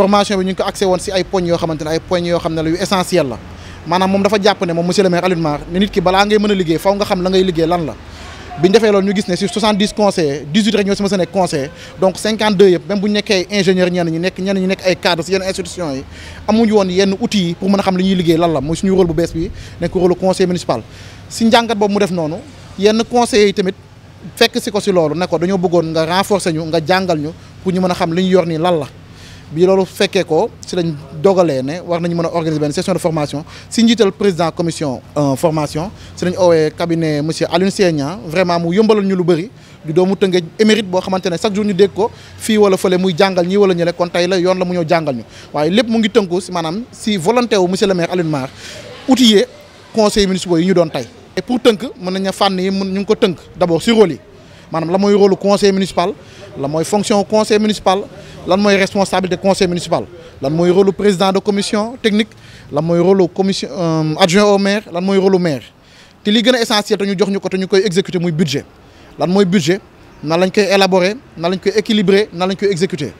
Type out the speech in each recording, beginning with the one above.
formation bi ñu ngi ko accès woon si ay poñ yoo xamante ne ay poñ yoo xam ne la yu essentiel la maanaam moom dafa jàpp ne moom monsieur le maire Alioune Mar ne nit ki balaa ngay mën a liggéey faw nga xam la ngay liggéey lan la biñu defee loolu ñu gis ne sur 70 conseillers 18 rek ñoo si mës a donc 52 yëpp même bu ñu nekkee ingénieur ñenn ñi nekk ñenn ñi nekk ay cadre uti, yenn institution yi amuñu woon yenn outils yi pour mën xam li ñuy liggéey lan la mooy suñu rôle bu bees bi nekk rôle conseil municipal si njàngat boobu mu def noonu yenn conseillers tamit fekk si ko si loolu ne ko dañoo bëggoon nga renforcer ñu nga jàngal ñu pour ñu mën xam li ñu yor lan la bi loolu fekkee ko si lañ dogalee ne war nañu mën a organiser benn session de formation si njiital président commission euh, formation si lañ cabinet monsieur Alioune Seynia vraiment mu yombaloon ñu lu bëri du doomu tëngeej émérite boo xamante chaque jour ñu dégg ko fii wala fële muy jàngal ñii wala ñële kon tey la yoon la mu ñëw jàngal ñu waaye lépp mu ngi tënku si maanaam si volonté wu monsieur le maire Alioune Mar outillé conseil municipal yi ñu doon tey. et pour tënk mën nañu fànn yi mën ñu ngi ko tënk d'abord si rôle yi maanaam la mooy rôle conseil municipal la mooy fonction conseil municipal lan responsable responsabilité conseil municipal lan mooy rôle président de commission technique lan mooy rôle commission euh, adjoint au maire lan mooy rôle maire té li gëna essentiel té ñu jox ñuko té ñukoy exécuter moy budget lan mooy budget na lañ koy élaborer na lañ koy équilibrer na lañ koy exécuter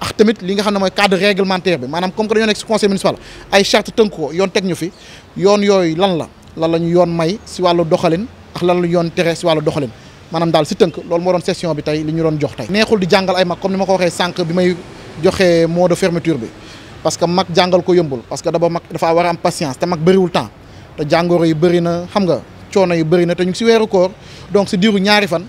ak tamit li nga xamné moy cadre réglementaire bi manam comme que dañu nek ci conseil municipal ay charte tënk yon tek ñu fi yon yoy lan la lan la ñu yoon may ci walu doxalin ak lan la ñu yoon tere si wàllu doxalin maanaam daal si tënk loolu moo doon session bi tey li ñu doon jox tey neexul di jàngal ay mag comme ni ma ko waxee sànq bi may joxee mot de fermeture bi parce que mag jàngal ko yëmbul parce que daba mag dafa war a am patience te mag bëriwul temps te jàngoro yi bëri na xam nga coono yi bëri na te ñu si weeru koor donc si diiru ñaari fan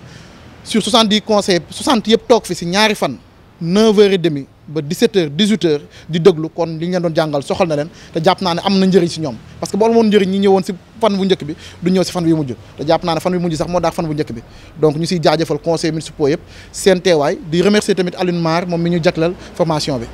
sur soixante-dix conseils soixante yëpp toog fi si ñaari fan neuf heures demi ba 17h 18h di déglu kon li ñu leen doon jàngal soxal na leen te jàpp naa ne am na njëriñ si ñoom parce que boo amoon njëriñ ñi ñëwoon si fan bu njëkk bi du ñëw si fan bi mujj te jàpp naa ne fan bi mujj sax moo daax fan bu njëkk bi donc ñu siy jaajëfal conseil municipal yëpp seen teewaay di remercier tamit Alioune Mar moom mi ñu jaglal formation bi